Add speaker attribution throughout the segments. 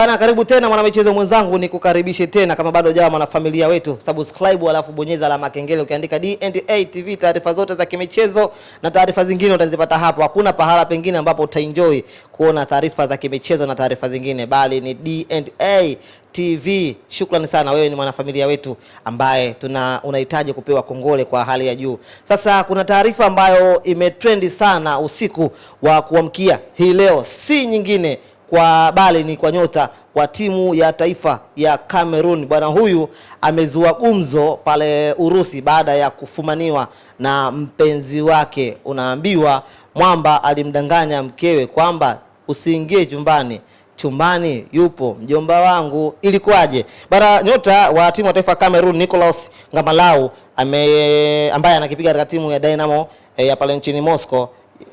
Speaker 1: Bana, karibu tena mwanamichezo mwenzangu, ni kukaribishe tena kama bado jawa mwanafamilia wetu, subscribe alafu bonyeza alama kengele. Ukiandika D&A TV, taarifa zote za kimichezo na taarifa zingine utazipata hapo. Hakuna pahala pengine ambapo utaenjoy kuona taarifa za kimichezo na taarifa zingine, bali ni D&A TV. Shukrani sana, wewe ni mwanafamilia wetu ambaye tuna unahitaji kupewa kongole kwa hali ya juu. Sasa kuna taarifa ambayo imetrendi sana usiku wa kuamkia hii leo, si nyingine kwa bali ni kwa nyota wa timu ya taifa ya Cameroon. Bwana huyu amezua gumzo pale Urusi baada ya kufumaniwa na mpenzi wake. Unaambiwa mwamba alimdanganya mkewe kwamba usiingie chumbani chumbani yupo mjomba wangu. Ilikuwaje bara? Nyota wa timu ya taifa Cameroon Nicolas Ngamalau ame ambaye anakipiga katika timu ya Dynamo eh, ya pale nchini Moscow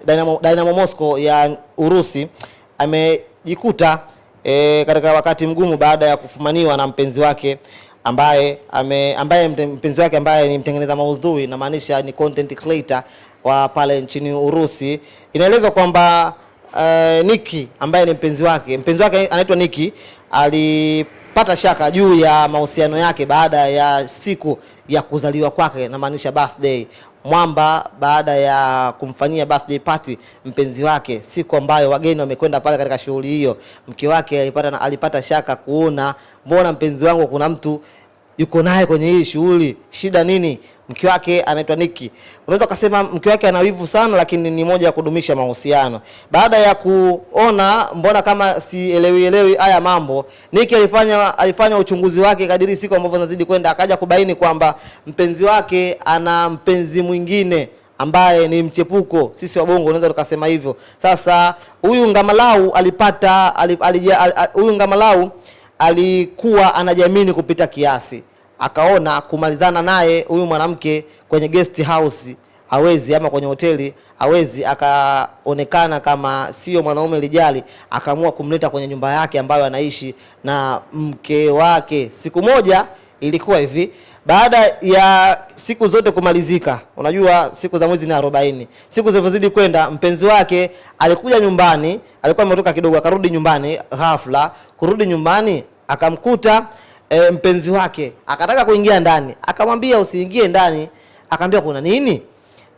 Speaker 1: Dynamo, Dynamo Moscow ya Urusi amejikuta e, katika wakati mgumu baada ya kufumaniwa na mpenzi wake ambaye ame, ambaye mpenzi wake ambaye ni mtengeneza maudhui na maanisha ni content creator wa pale nchini Urusi. Inaelezwa kwamba uh, e, Niki ambaye ni mpenzi wake mpenzi wake anaitwa niki alipata shaka juu ya mahusiano yake baada ya siku ya kuzaliwa kwake, na maanisha birthday Mwamba baada ya kumfanyia birthday party mpenzi wake siku ambayo wageni wamekwenda pale katika shughuli hiyo. Mke wake alipata, alipata shaka kuona mbona mpenzi wangu kuna mtu yuko naye kwenye hii shughuli, shida nini? Mke wake anaitwa Niki. Unaweza kusema mke wake ana wivu sana, lakini ni moja ya kudumisha mahusiano. Baada ya kuona mbona kama sielewi elewi haya mambo, Niki alifanya alifanya uchunguzi wake kadiri siku ambavyo zinazidi kwenda, akaja kubaini kwamba mpenzi wake ana mpenzi mwingine ambaye ni mchepuko. Sisi wabongo unaweza tukasema hivyo. Sasa huyu Ngamalau alipata huyu Ngamalau alikuwa anajiamini kupita kiasi, akaona kumalizana naye huyu mwanamke kwenye guest house hawezi, ama kwenye hoteli hawezi, akaonekana kama sio mwanaume lijali, akaamua kumleta kwenye nyumba yake ambayo anaishi na mke wake. Siku moja ilikuwa hivi baada ya siku zote kumalizika, unajua siku za mwezi ni arobaini. Siku zilivyozidi kwenda, mpenzi wake alikuja nyumbani, alikuwa ametoka kidogo, akarudi nyumbani ghafla. Kurudi nyumbani akamkuta e, mpenzi wake akataka kuingia ndani, akamwambia usiingie ndani. Akaambia kuna nini?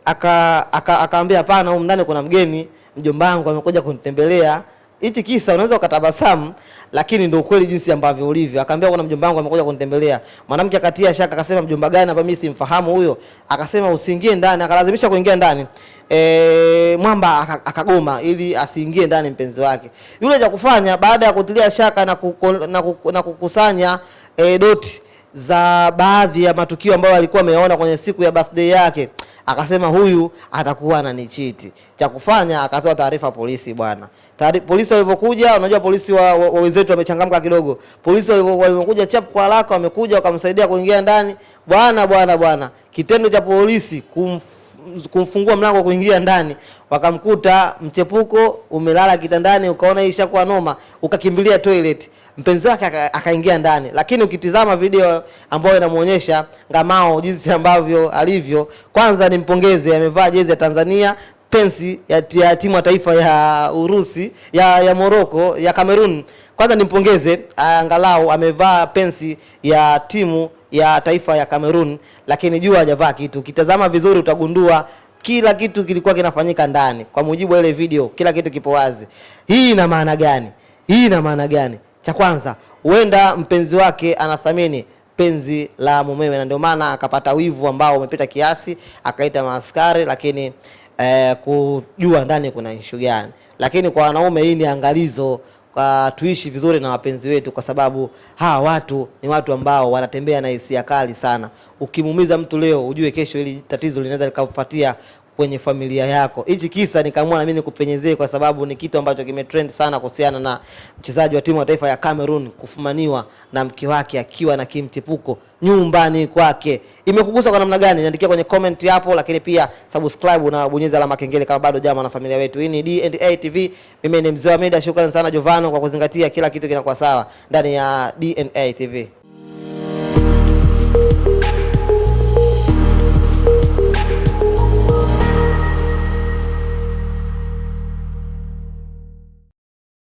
Speaker 1: Aka akaambia aka hapana, huko ndani kuna mgeni, mjomba wangu amekuja kunitembelea hichi kisa unaweza ukatabasamu, lakini ndio ukweli jinsi ambavyo ulivyo. Akaambia kuna mjomba wangu amekuja kunitembelea. Mwanamke akatia shaka, akasema mjomba gani hapa, mimi simfahamu huyo. Akasema usiingie ndani, akalazimisha kuingia ndani. E, mwamba akagoma ili asiingie ndani mpenzi wake yule. Cha kufanya baada ya kutilia shaka na, kuko, na, kuko, na kukusanya e, doti za baadhi ya matukio ambayo alikuwa ameona kwenye siku ya birthday yake, akasema huyu atakuwa ananichiti. Cha kufanya akatoa taarifa polisi bwana. Polisi walivyokuja, unajua polisi wa, wa wenzetu wamechangamka kidogo. Polisi walivyokuja chap kwa haraka, wamekuja wakamsaidia kuingia ndani bwana bwana bwana. Kitendo cha polisi kumf, kumfungua mlango kuingia ndani, wakamkuta mchepuko umelala kitandani, ukaona ishakuwa noma, ukakimbilia toilet mpenzi wake akaingia ndani, lakini ukitizama video ambayo inamuonyesha Ngamao jinsi ambavyo alivyo, kwanza nimpongeze, amevaa jezi ya Tanzania pensi ya, ya timu ya taifa ya Urusi ya ya Morocco ya Cameroon. Kwanza nimpongeze, angalau amevaa pensi ya timu ya taifa ya Cameroon, lakini jua hajavaa kitu. Ukitazama vizuri utagundua kila kitu kilikuwa kinafanyika ndani, kwa mujibu wa ile video, kila kitu kipo wazi. Hii ina maana gani? Hii ina maana gani? Cha kwanza, huenda mpenzi wake anathamini penzi la mumewe, na ndio maana akapata wivu ambao umepita kiasi, akaita maaskari, lakini eh, kujua ndani kuna ishu gani. Lakini kwa wanaume hii ni angalizo kwa tuishi vizuri na wapenzi wetu, kwa sababu hawa watu ni watu ambao wanatembea na hisia kali sana. Ukimuumiza mtu leo, ujue kesho hili tatizo linaweza likafuatia kwenye familia yako. Hichi kisa nikaamua na mimi nikupenyezee, kwa sababu ni kitu ambacho kimetrend sana kuhusiana na mchezaji wa timu ya taifa ya Cameroon kufumaniwa na mke wake akiwa na kimtipuko nyumbani kwake. Imekugusa kwa namna gani? Niandikia kwenye comment hapo, lakini pia subscribe na bonyeza alama kengele kama bado jamaa na familia wetu. Hii ni D&A TV. Mimi ni Mzee wa Shukrani sana Jovano kwa kuzingatia kila kitu kinakuwa sawa ndani ya D&A TV.